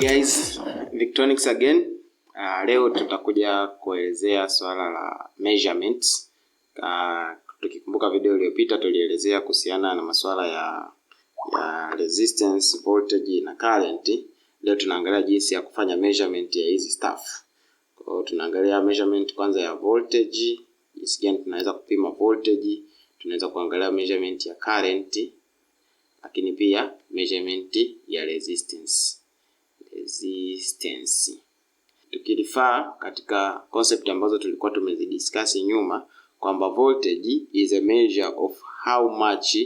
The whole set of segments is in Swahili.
guys, Victronics again. Uh, leo tutakuja kuelezea swala la measurements. Uh, tukikumbuka video iliyopita tulielezea kuhusiana na masuala ya, ya resistance, voltage na current. Leo tunaangalia jinsi ya kufanya measurement ya hizi stuff. Kwa hiyo tunaangalia measurement kwanza ya voltage, jinsi gani tunaweza kupima voltage, tunaweza kuangalia measurement ya current, lakini pia measurement ya resistance resistance. Tukirifaa katika concept ambazo tulikuwa tumezidiscuss nyuma kwamba voltage is a measure of how much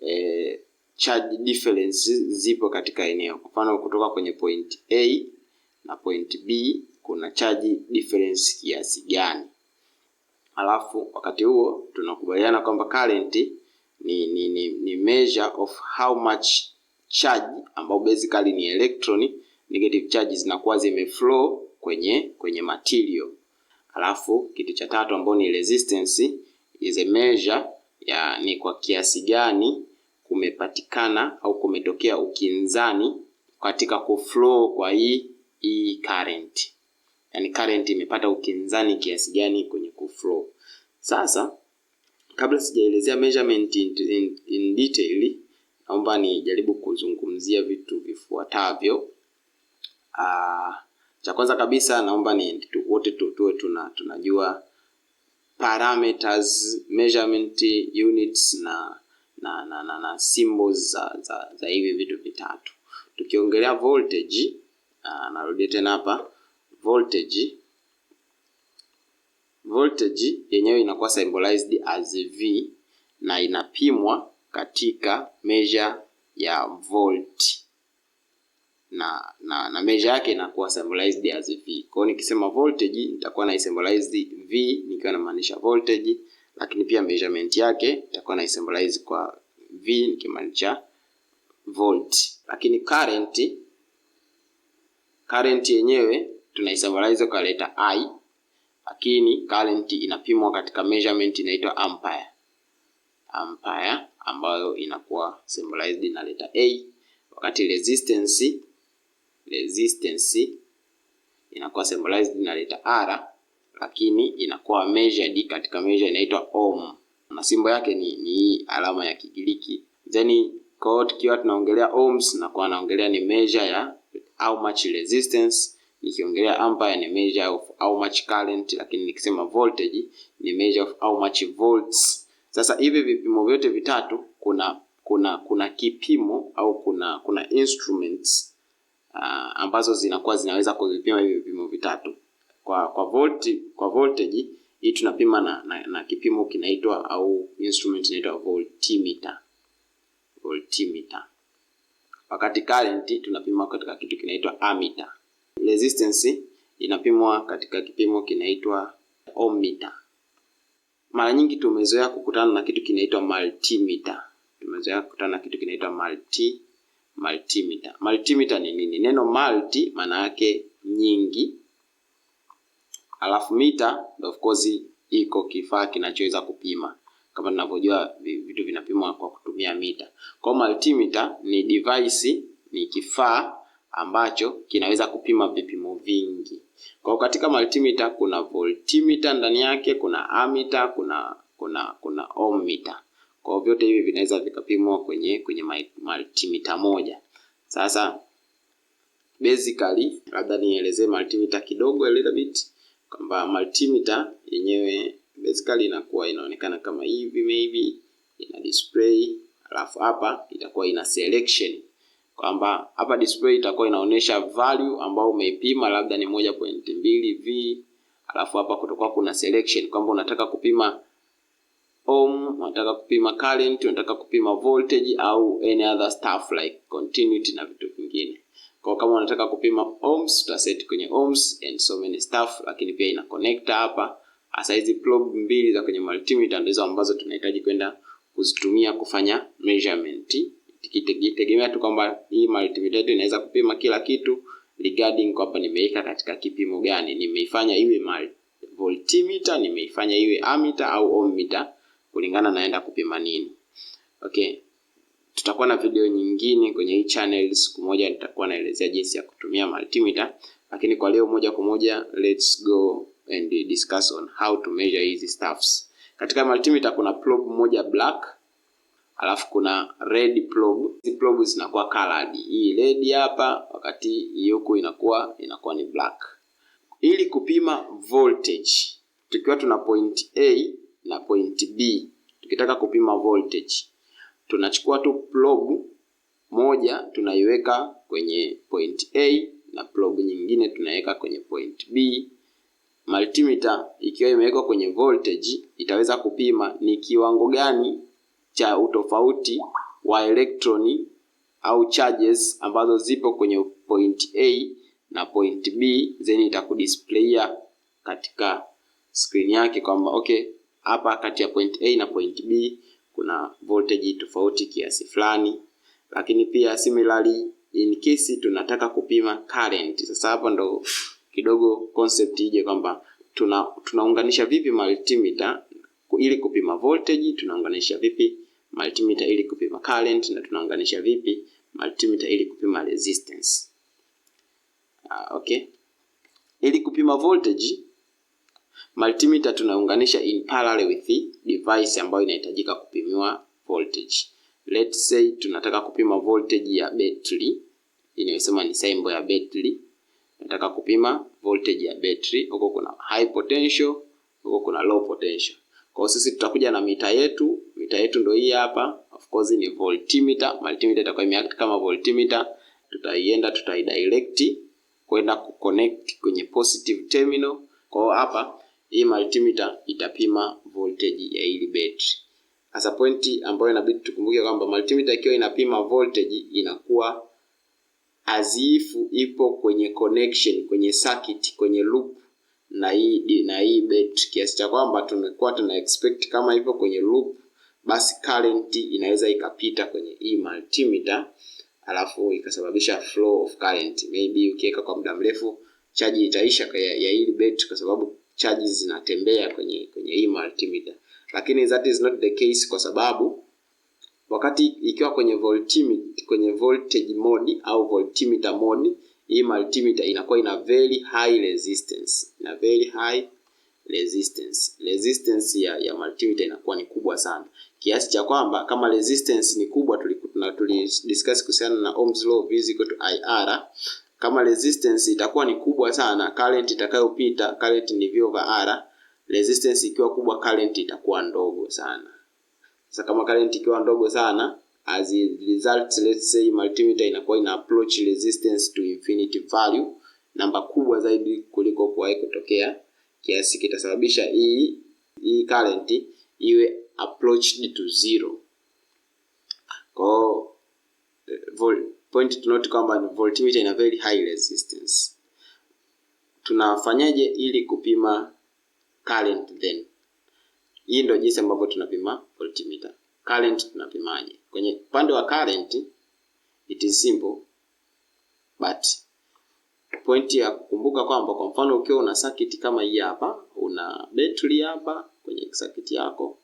eh, charge difference zipo katika eneo. Kwa mfano kutoka kwenye point A na point B kuna charge difference kiasi gani? Alafu wakati huo tunakubaliana kwamba current ni, ni, ni, ni measure of how much charge ambao basically ni electroni, negative charge zinakuwa zimeflow kwenye kwenye material. Alafu kitu cha tatu ambao ni resistance is a measure ya ni kwa kiasi gani kumepatikana au kumetokea ukinzani katika kuflow kwa hii hii current. Yani current imepata ukinzani kiasi gani kwenye kuflow. Sasa kabla sijaelezea measurement in, in, in detail naomba nijaribu kuzungumzia vitu vifuatavyo. Uh, cha kwanza kabisa naomba ni wote tuwe tuna, tunajua parameters, measurement units na na na, na, na symbols za, za, za hivi vitu vitatu. Tukiongelea voltage uh, ah, narudia tena hapa voltage voltage yenyewe inakuwa symbolized as V na inapimwa katika measure ya volt na na, na measure yake inakuwa symbolized as V. Kwa hiyo nikisema voltage nitakuwa na symbolized V nikiwa namaanisha voltage, lakini pia measurement yake itakuwa na symbolized kwa V nikimaanisha volt. Lakini current current yenyewe tunaisymbolize kwa leta I, lakini current inapimwa katika measurement inaitwa ampere. Ampere ambayo inakuwa symbolized na leta A, wakati resistance resistance inakuwa symbolized na leta R, lakini inakuwa measured katika measure inaitwa ohm na simbo yake ni, ni alama ya Kigiriki. Then kwa hiyo tukiwa tunaongelea ohms na kwa naongelea ni measure ya how much resistance, nikiongelea ampere ni measure of how much current, lakini nikisema voltage ni measure of how much volts. Sasa hivi vipimo vyote vitatu kuna kuna kuna kipimo au kuna kuna instruments uh, ambazo zinakuwa zinaweza kuvipima hivi vipimo vitatu kwa kwa volt, kwa voltage hii tunapima na, na, na kipimo kinaitwa au instrument inaitwa voltimeter voltimeter, wakati current tunapima katika kitu kinaitwa ammeter. Resistance inapimwa katika kipimo kinaitwa ohmmeter. Mara nyingi tumezoea kukutana na kitu kinaitwa multimeter, tumezoea kukutana na kitu kinaitwa multi multimeter. Multimeter ni nini? Neno multi maana yake nyingi, alafu mita of course iko kifaa kinachoweza kupima kama tunavyojua vitu vinapimwa kwa kutumia mita. Kwa multimeter ni device, ni kifaa ambacho kinaweza kupima vipimo vingi. Kwa katika multimeter kuna voltimeter ndani yake, kuna ammeter, kuna kuna kuna ohmmeter. Kwa hiyo vyote hivi vinaweza vikapimwa kwenye kwenye multimeter moja. Sasa basically, labda nielezee multimeter kidogo a little bit kwamba multimeter yenyewe basically inakuwa inaonekana kama hivi, maybe ina display, alafu hapa itakuwa ina selection kwamba hapa display itakuwa inaonyesha value ambayo umeipima labda ni 1.2 V, alafu hapa kutakuwa kuna selection kwamba unataka kupima ohm, unataka kupima current, unataka kupima voltage au any other stuff like continuity na vitu vingine. Kwa kama unataka kupima ohms, uta set kwenye ohms and so many stuff, lakini pia ina connector hapa. Hasa ah, hizi probe mbili za kwenye multimeter ndizo ambazo tunahitaji kwenda kuzitumia kufanya measurement, tukitegemea tu kwamba hii multimeter yetu inaweza kupima kila kitu regarding kwamba nimeweka katika kipimo gani, nimeifanya iwe voltimeter, nimeifanya iwe ammeter au ohmmeter kulingana naenda kupima nini. Okay, tutakuwa na video nyingine kwenye hii channel. Siku moja nitakuwa naelezea jinsi ya kutumia multimeter, lakini kwa leo moja kwa moja let's go and discuss on how to measure hizi stuffs. Katika multimeter kuna probe moja black alafu kuna red probe. Hizi probe zinakuwa colored. Hii red hapa, wakati huku inakuwa inakuwa ni black. Ili kupima voltage, tukiwa tuna point A na point B. Tukitaka kupima voltage, tunachukua tu probe moja tunaiweka kwenye point A na probe nyingine tunaweka kwenye point B. Multimeter ikiwa imewekwa kwenye voltage itaweza kupima ni kiwango gani cha utofauti wa elektroni au charges ambazo zipo kwenye point A na point B, then itakudisplayia katika screen yake kwamba okay hapa kati ya point A na point B kuna voltage tofauti kiasi fulani, lakini pia similarly in case tunataka kupima current. Sasa hapa ndo kidogo concept ije kwamba tuna tunaunganisha vipi multimeter ili kupima voltage, tunaunganisha vipi multimeter ili kupima current, na tunaunganisha vipi multimeter ili kupima resistance. Ah, okay. Ili kupima voltage Multimeter tunaunganisha in parallel with the device ambayo inahitajika kupimiwa voltage. Let's say tunataka kupima voltage ya battery, inayosema ni symbol ya battery. Nataka kupima voltage ya battery, huko kuna high potential, huko kuna low potential. Kwa hiyo sisi tutakuja na mita yetu, mita yetu ndio hii hapa. Of course ni voltmeter, multimeter itakuwa imeact kama voltmeter. Tutaienda, tutaidirect kwenda kuconnect kwenye positive terminal. Kwa hiyo hapa hii multimeter itapima voltage ya hili battery. Sasa pointi ambayo inabidi tukumbuke kwamba multimeter ikiwa inapima voltage inakuwa azifu ipo kwenye connection, kwenye circuit, kwenye loop na hii na hii battery, kiasi cha kwamba tumekuwa tuna expect kama ipo kwenye loop, basi current inaweza ikapita kwenye hii multimeter alafu ikasababisha flow of current. Maybe ukiweka kwa muda mrefu chaji itaisha ya, ya hii battery kwa sababu charges zinatembea kwenye kwenye hii multimeter, lakini that is not the case kwa sababu wakati ikiwa kwenye voltimeter, kwenye voltage mode au voltimeter mode, hii multimeter inakuwa ina very high resistance, ina very high resistance. Resistance ya, ya multimeter inakuwa ni kubwa sana kiasi cha kwamba kama resistance ni kubwa, tulikuwa tulidiscuss kuhusiana na Ohm's law V equal to IR kama resistance itakuwa ni kubwa sana, current itakayopita, current ni V over R. Resistance ikiwa kubwa, current itakuwa ndogo sana. Sasa kama current ikiwa ndogo sana, as a result, let's say multimeter inakuwa ina approach resistance to infinity value, namba kubwa zaidi kuliko kuwahi kutokea, kiasi kitasababisha hii hii current iwe approached to zero. Kwa eh, Point to note kwamba voltmeter ina very high resistance. Tunafanyaje ili kupima current then? Hii ndio jinsi ambavyo tunapima voltmeter. Current tunapimaje? Kwenye upande wa current it is simple but point ya kukumbuka kwamba kwa mfano ukiwa una circuit kama hii hapa, una battery hapa kwenye circuit yako,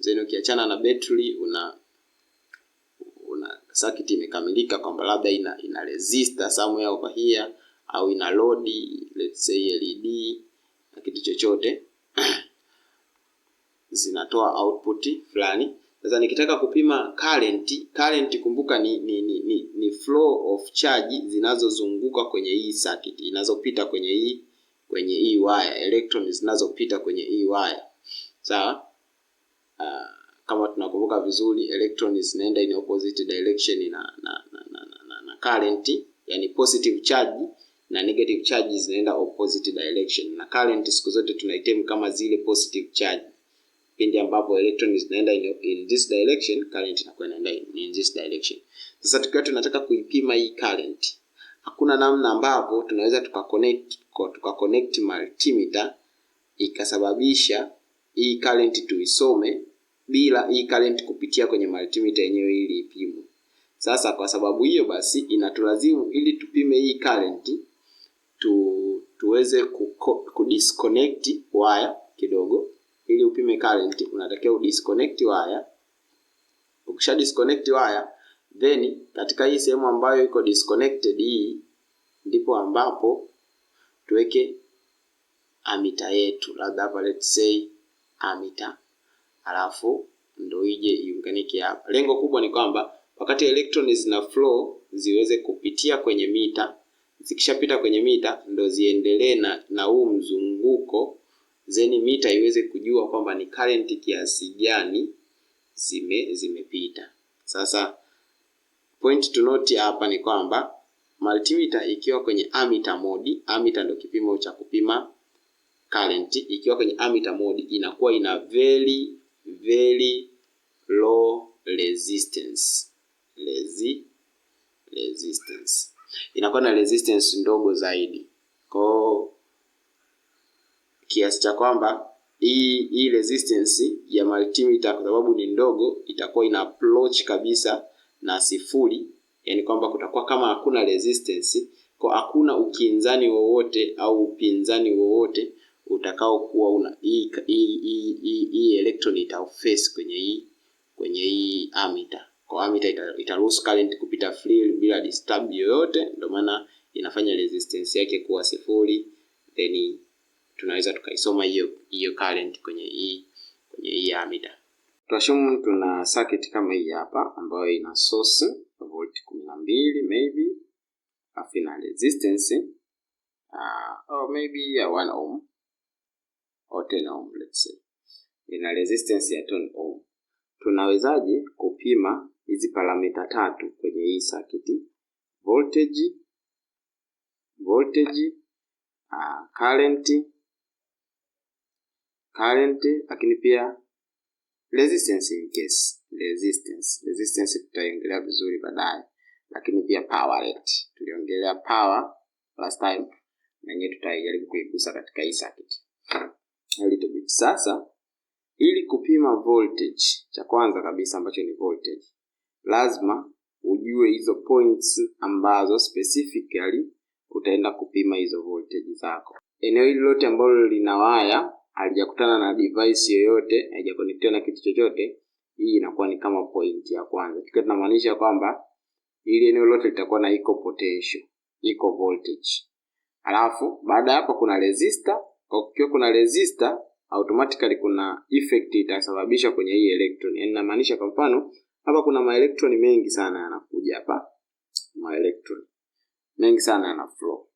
then ukiachana na battery una circuit imekamilika kwamba labda ina, ina resistor somewhere over here au ina load let's say LED na kitu chochote zinatoa output fulani. Sasa nikitaka kupima current, current kumbuka ni, ni, ni, ni, ni flow of charge zinazozunguka kwenye hii circuit inazopita kwenye hii kwenye hii waya, electrons zinazopita kwenye hii waya sawa. Uh, kama tunakumbuka vizuri, electron zinaenda in opposite direction na na, na, na, na, na na current, yani positive charge na negative charge zinaenda opposite direction, na current siku zote tunaitem kama zile positive charge. Pindi ambapo electron zinaenda in, in this direction, current inakuwa inaenda in, in this direction. Sasa tukiwa tunataka kuipima hii current, hakuna namna ambapo tunaweza tukaconnect tukaconnect multimeter ikasababisha hii current tuisome bila hii current kupitia kwenye multimeter yenyewe ili ipimwe. Sasa kwa sababu hiyo basi inatulazimu ili tupime hii current tu, tuweze kudisconnect waya kidogo. Ili upime current unatakiwa udisconnect waya. Ukisha disconnect waya then katika hii sehemu ambayo iko disconnected hii ndipo ambapo tuweke amita yetu, labda hapa let's say amita alafu ndo ije iunganike hapa. Lengo kubwa ni kwamba wakati electroni zina flow ziweze kupitia kwenye mita, zikishapita kwenye mita ndo ziendelee na na huu mzunguko, zeni mita iweze kujua kwamba ni current kiasi gani zime zimepita. Sasa point to note hapa ni kwamba multimeter ikiwa kwenye ammeter mode, ammeter ndio kipimo cha kupima current, ikiwa kwenye ammeter mode inakuwa ina very very low resistance Resi, resistance inakuwa na resistance ndogo zaidi kwao, kiasi cha kwamba hii hii resistance ya multimeter kwa sababu ni ndogo itakuwa ina approach kabisa na sifuri, yani kwamba kutakuwa kama hakuna resistance kwa hakuna ukinzani wowote au upinzani wowote utakaokuwa una hii hii hii hii electron itaface kwenye hii kwenye hii ammeter. Kwa ammeter ita, ita current kupita free bila disturb yoyote, ndio maana inafanya resistance yake kuwa sifuri, then tunaweza tukaisoma hiyo hiyo current kwenye hii kwenye hii ammeter. Tuashumu tuna circuit kama hii hapa ambayo ina source volt 12 maybe afina ina resistance uh, ah, or oh, maybe ya 1 ohm au 10 ohm let's say, ina resistance ya 10 ohm. Tunawezaje kupima hizi parameter tatu kwenye hii circuit? Voltage, voltage, uh, current, current, lakini pia resistance in case resistance, resistance tutaiongelea vizuri baadaye, lakini pia power rate tuliongelea power last time, na yenyewe tutaijaribu kuigusa katika hii circuit a little bit. Sasa ili kupima voltage, cha kwanza kabisa ambacho ni voltage, lazima ujue hizo points ambazo specifically utaenda kupima hizo voltage zako. Eneo hili lote ambalo lina waya halijakutana na device yoyote, haijakonektiwa na kitu chochote, hii inakuwa ni kama point ya kwanza, tukiwa tunamaanisha kwamba ili eneo lote litakuwa na iko potential, iko voltage. Alafu baada ya hapo kuna resistor kukiwa kuna resistor automatically kuna effect itasababisha kwenye hii electron. Yani namaanisha kwa mfano hapa kuna maelektroni mengi sana yanakuja hapa, maelektroni mengi sana yana flow.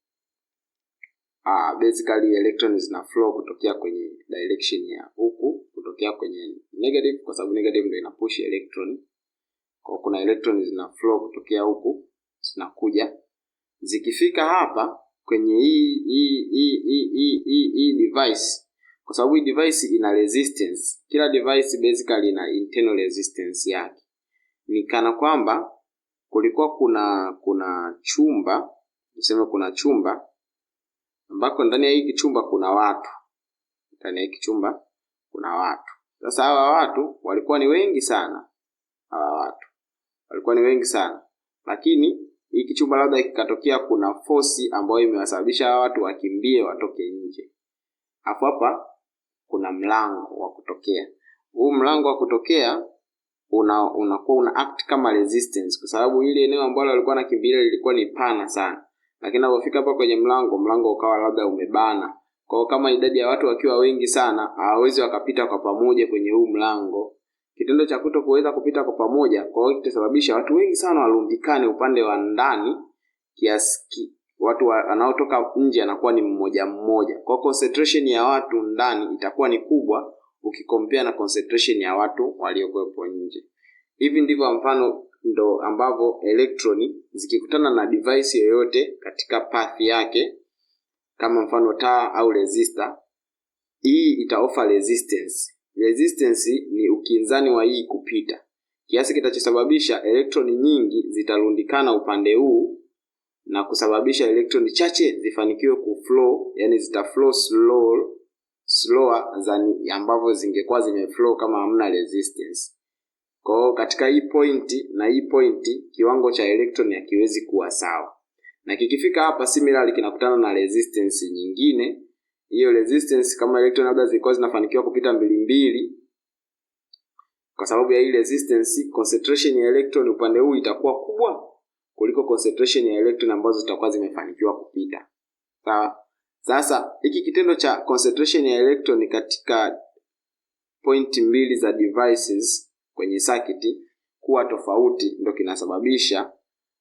Ah, basically electrons zina flow kutokea kwenye direction ya huku kutokea kwenye negative, kwa sababu negative ndio inapush electron. Kwa kuna electrons zina flow kutokea huku zinakuja, zikifika hapa kwenye hii hii hii hii hii hii device, kwa sababu hii device ina resistance. Kila device basically ina internal resistance yake. Ni kana kwamba kulikuwa kuna kuna chumba tuseme, kuna chumba ambako ndani ya hiki chumba kuna watu, ndani ya hiki chumba kuna watu. Sasa hawa watu walikuwa ni wengi sana, hawa watu walikuwa ni wengi sana, lakini ikichumba labda kikatokea kuna fosi ambayo imewasababisha watu wakimbie watoke nje. Hapo hapa kuna mlango wa kutokea. Huu mlango wa kutokea unakuwa una, act kama resistance, kwa sababu ile eneo ambalo walikuwa nakimbilia lilikuwa ni pana sana, lakini alipofika hapa kwenye mlango, mlango ukawa labda umebana kwao. Kama idadi ya watu wakiwa wengi sana, hawawezi wakapita kwa pamoja kwenye huu mlango. Kitendo cha kuto kuweza kupita kwa pamoja kwa hiyo kitasababisha watu wengi sana warundikane upande wa ndani kiasi watu wanaotoka nje anakuwa ni mmoja mmoja. Kwa concentration ya watu ndani itakuwa ni kubwa ukikompea na concentration ya watu waliokuwepo nje. Hivi ndivyo mfano ndo ambavyo elektroni zikikutana na device yoyote katika path yake kama mfano taa au resistor, hii itaofa resistance Resistance ni ukinzani wa hii kupita, kiasi kitachosababisha elektroni nyingi zitarundikana upande huu na kusababisha elektroni chache zifanikiwe kuflow, yani flow slow slower than ambavyo zingekuwa zimeflow kama hamna resistance. Kwa hiyo katika hii point na hii point kiwango cha electron hakiwezi kuwa sawa, na kikifika hapa similarly kinakutana na resistance nyingine hiyo resistance kama electron labda zilikuwa zinafanikiwa kupita mbili mbili kwa sababu ya hii resistance concentration ya electron upande huu itakuwa kubwa kuliko concentration ya electron ambazo zitakuwa zimefanikiwa kupita sawa sasa hiki kitendo cha concentration ya electron katika point mbili za devices kwenye circuit kuwa tofauti ndio kinasababisha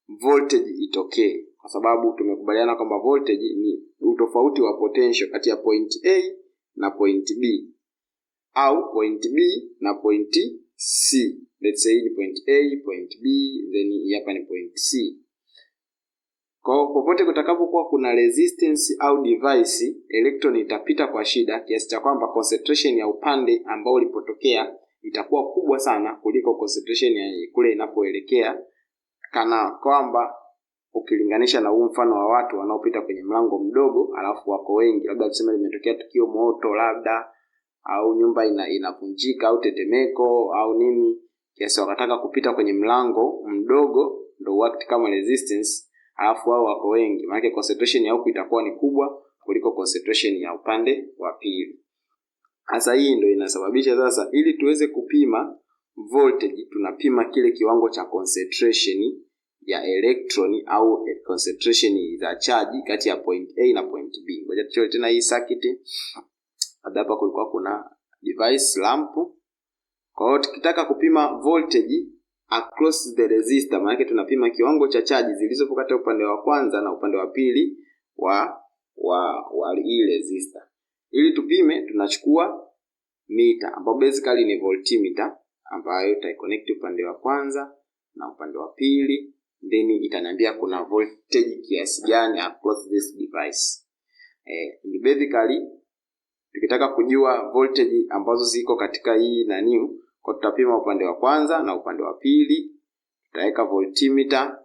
voltage itokee kwa sababu tumekubaliana kwamba voltage ni utofauti wa potential kati ya point A na point B au point B na point C. Let's say ni point A, point B, then hapa ni point C. Kwa popote kutakapokuwa kuna resistance au device, electron itapita kwa shida kiasi cha kwamba concentration ya upande ambao ulipotokea itakuwa kubwa sana kuliko concentration ya kule inapoelekea kana kwamba ukilinganisha na huu mfano wa watu wanaopita kwenye mlango mdogo alafu wako wengi, labda tuseme limetokea tukio moto, labda au nyumba ina inavunjika au tetemeko au nini, kiasi wakataka kupita kwenye mlango mdogo, ndio huact kama resistance, alafu wao wako wengi, maana concentration ya huku itakuwa ni kubwa kuliko concentration ya upande wa pili. Sasa hii ndio inasababisha sasa, ili tuweze kupima voltage tunapima kile kiwango cha concentration ya electroni au concentration za chaji kati ya point A na point B. Ngoja tuchore tena hii circuit. Baada hapa kulikuwa kuna device lamp. Kwa hiyo tukitaka kupima voltage across the resistor, maana yake tunapima kiwango cha chaji zilizopo kati ya upande wa kwanza na upande wa pili wa wa wa hii resistor. Ili tupime tunachukua mita ambayo basically ni voltmeter ambayo itaiconnect upande wa kwanza na upande wa pili then itaniambia kuna voltage kiasi gani across this device. Eh, ni basically tukitaka kujua voltage ambazo ziko katika hii nani, kwa tutapima upande wa kwanza na upande wa pili, tutaweka voltimeter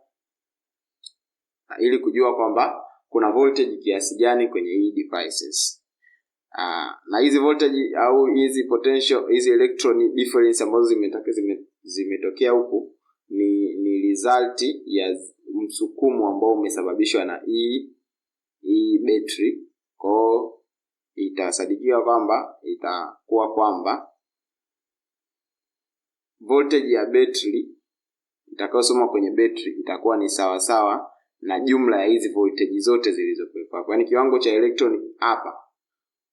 ili kujua kwamba kuna voltage kiasi gani kwenye hii devices. Uh, na hizi voltage au hizi potential hizi electron difference ambazo zimetokea zime, zime huku ni result ya msukumo ambao umesababishwa na hii hii battery. Kwa hiyo itasadikiwa kwamba itakuwa kwamba voltage ya battery itakayosoma kwenye battery itakuwa ni sawa sawa na jumla ya hizi voltage zote zilizokuwepo hapo, yaani kiwango cha electron hapa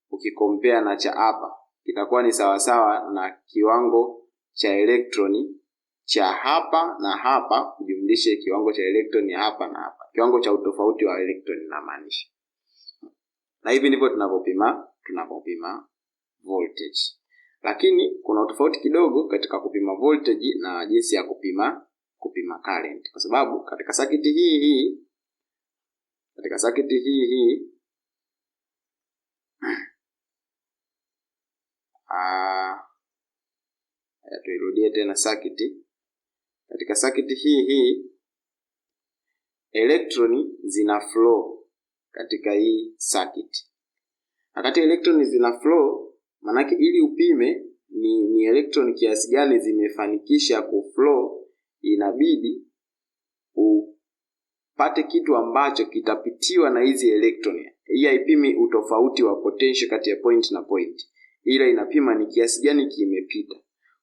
ukikompea na cha hapa kitakuwa ni sawasawa na kiwango cha electroni cha hapa na hapa kujumlisha kiwango cha electron hapa na hapa, kiwango cha utofauti wa elektroni namaanisha. Na hivi ndivyo tunavyopima tunapopima voltage, lakini kuna utofauti kidogo katika kupima voltage na jinsi ya kupima kupima current, kwa sababu katika sakiti hii hii katika sakiti hii hii ah, tuirudie tena sakiti katika sakiti hii hii elektroni zina flow katika hii circuit. Wakati elektroni zina flow, manake ili upime ni, ni elektroni kiasi gani zimefanikisha flow, inabidi upate kitu ambacho kitapitiwa na hizi elektroni. Hii haipimi utofauti wa potential kati ya point na point, ila inapima ni kiasi gani kimepita.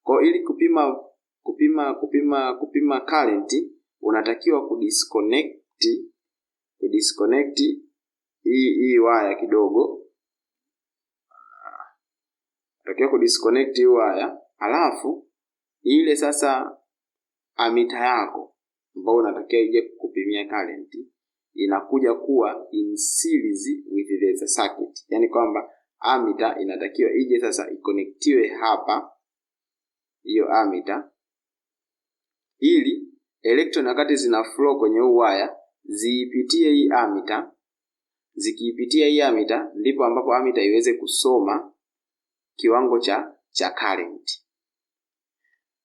Kwa ili kupima kupima kupima kupima current unatakiwa kudisconnect kudisconnect hii hii waya kidogo, unatakiwa kudisconnect hii waya alafu ile sasa amita yako ambayo unatakiwa ije kupimia current inakuja kuwa in series with the circuit, yani kwamba amita inatakiwa ije sasa ikonektiwe hapa, hiyo amita ili electron wakati zina flow kwenye huu waya ziipitie hii amita. Zikiipitia hii amita, ndipo ambapo amita iweze kusoma kiwango cha cha current.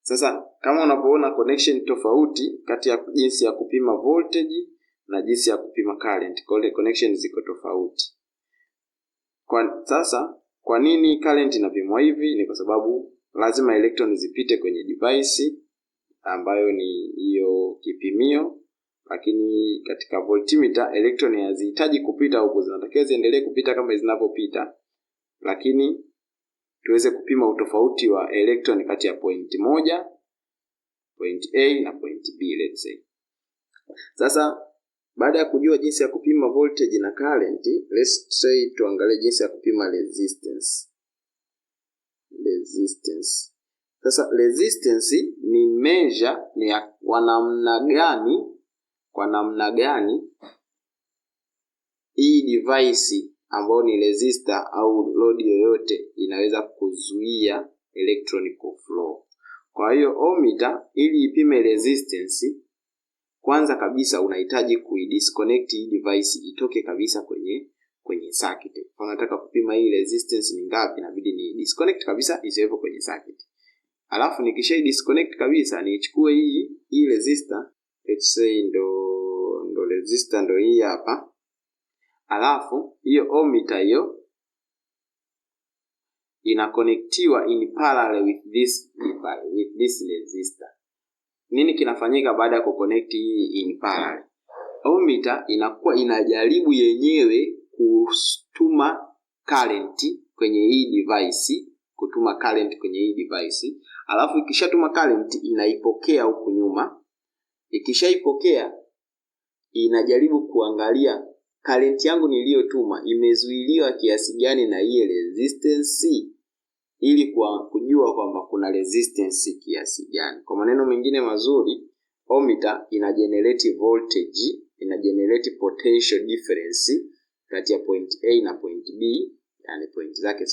Sasa kama unapoona connection tofauti kati ya jinsi ya kupima voltage na jinsi ya kupima current, kwa connection ziko tofauti. Kwa sasa, kwa nini current inapimwa hivi? Ni kwa sababu lazima electron zipite kwenye device ambayo ni hiyo kipimio lakini katika voltimeter electron hazihitaji kupita huku, zinatakiwa ziendelee kupita kama zinavyopita, lakini tuweze kupima utofauti wa electron kati ya point moja, point A na point B let's say. Sasa baada ya kujua jinsi ya kupima voltage na current, let's say tuangalie jinsi ya kupima resistance. Resistance sasa resistance ni measure ni ya kwa namna gani, kwa namna gani hii device ambayo ni resistor au load yoyote inaweza kuzuia electron flow. Kwa hiyo ohmmeter ili ipime resistance, kwanza kabisa unahitaji kuidisconnect hii device itoke kabisa kwenye kwenye circuit. Kwa nataka kupima hii resistance ni ngapi, inabidi ni disconnect kabisa isiwepo kwenye circuit alafu nikisha disconnect kabisa nichukue hii hii resistor let's say ndo ndo resistor ndo hii hapa alafu hiyo ohmmeter hiyo inakonektiwa in parallel with this with this resistor. Nini kinafanyika baada ya kuconnect hii in parallel? Ohmmeter inakuwa inajaribu yenyewe kutuma current kwenye hii device kutuma current kwenye hii device, alafu ikishatuma current inaipokea huku nyuma. Ikishaipokea inajaribu kuangalia current yangu niliyotuma imezuiliwa kiasi gani na ile resistance, ili kwa kujua kwamba kuna resistance kiasi gani. Kwa maneno mengine mazuri, ohmmeter ina generate voltage, ina generate potential difference kati ya point A na point B, yani point zake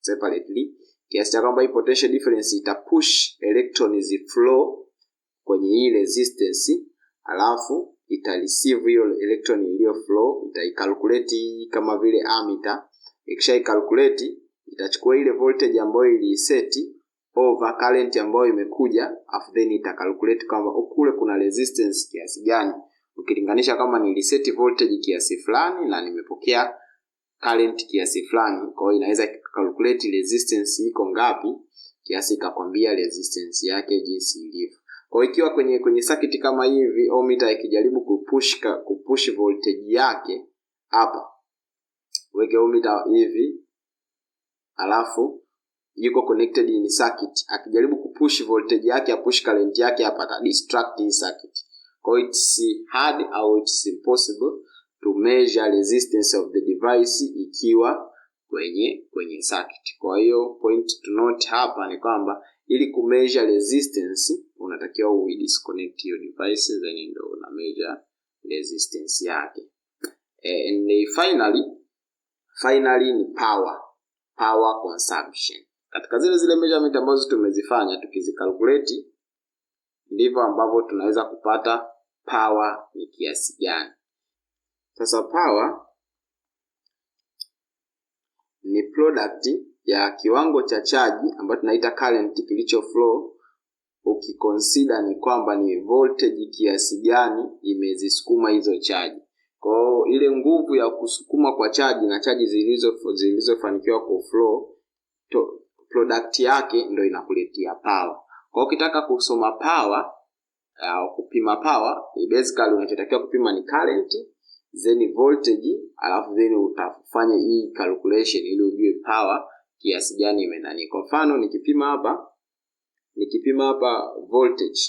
separately kiasi cha kwamba hii potential difference itapush electrons flow kwenye hii resistance, alafu ita receive hiyo electron iliyo flow, ita calculate kama vile ammeter. Ikisha calculate itachukua ile voltage ambayo iliiseti over current ambayo imekuja, afu then ita calculate kwamba oh, kule kuna resistance kiasi gani, ukilinganisha kama niliseti voltage kiasi fulani na nimepokea current kiasi fulani, kwa hiyo inaweza calculate resistance iko ngapi, kiasi ikakwambia resistance yake jinsi ilivyo. Kwa ikiwa kwenye kwenye circuit kama hivi, ohmmeter ikijaribu kupush kupush voltage yake hapa, weke ohmmeter hivi, alafu yuko connected in circuit, akijaribu kupush voltage yake apush current yake hapa, ata distract in circuit. Kwa it's hard au it's impossible to measure resistance of the device ikiwa kwenye kwenye circuit. Kwa hiyo point to note hapa ni kwamba ili ku measure resistance unatakiwa u disconnect hiyo device then ndio una measure resistance yake. Eh, and finally finally ni power power consumption. Katika zile zile measurement ambazo tumezifanya tukizikalculate ndivyo ambavyo tunaweza kupata power ni kiasi gani. Sasa power ni product ya kiwango cha chaji ambayo tunaita current kilicho flow ukikonsida ni kwamba ni voltage kiasi gani imezisukuma hizo chaji kwao ile nguvu ya kusukuma kwa chaji na chaji zilizo zilizofanikiwa ku flow to, product yake ndio inakuletea power Kwa hiyo ukitaka kusoma power au kupima power basically unachotakiwa kupima ni current then voltage, alafu then utafanya hii calculation ili ujue power kiasi gani imenani. Kwa mfano nikipima hapa nikipima hapa voltage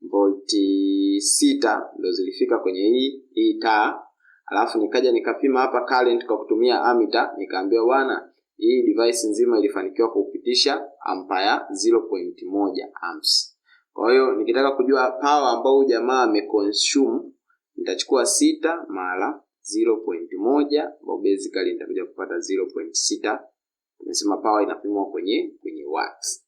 volti sita ndo zilifika kwenye hii hii taa, alafu nikaja nikapima hapa current kwa kutumia ammeter, nikaambiwa bwana, hii device nzima ilifanikiwa kupitisha ampaya 0.1 amps. Kwa hiyo nikitaka kujua power ambao jamaa ameconsume Nitachukua sita mara 0.1 ambao basically nitakuja kupata 0.6. Tumesema power inapimwa kwenye kwenye watts.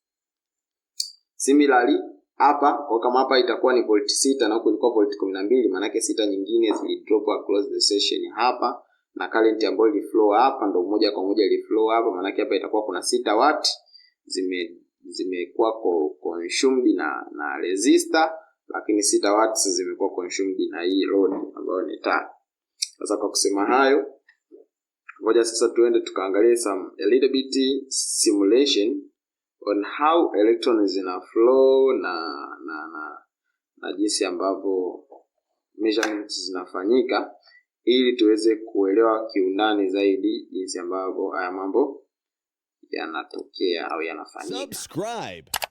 Similarly hapa kwa kama hapa itakuwa ni volt 6 na huko ilikuwa volt 12, maana yake sita nyingine zilidrop across the session hapa na current ambayo flow hapa ndio moja kwa moja flow hapa, maana yake hapa itakuwa kuna sita watt zime zimekuwa consumed na na resistor lakini sita watts zimekuwa consumed na hii load ambayo ni tano. Sasa kwa kusema hayo, ngoja sasa tuende tukaangalie some a little bit simulation on how electron zina flow na na na, na jinsi ambavyo measurements zinafanyika ili tuweze kuelewa kiundani zaidi jinsi ambavyo haya mambo yanatokea au yanafanyika. Subscribe.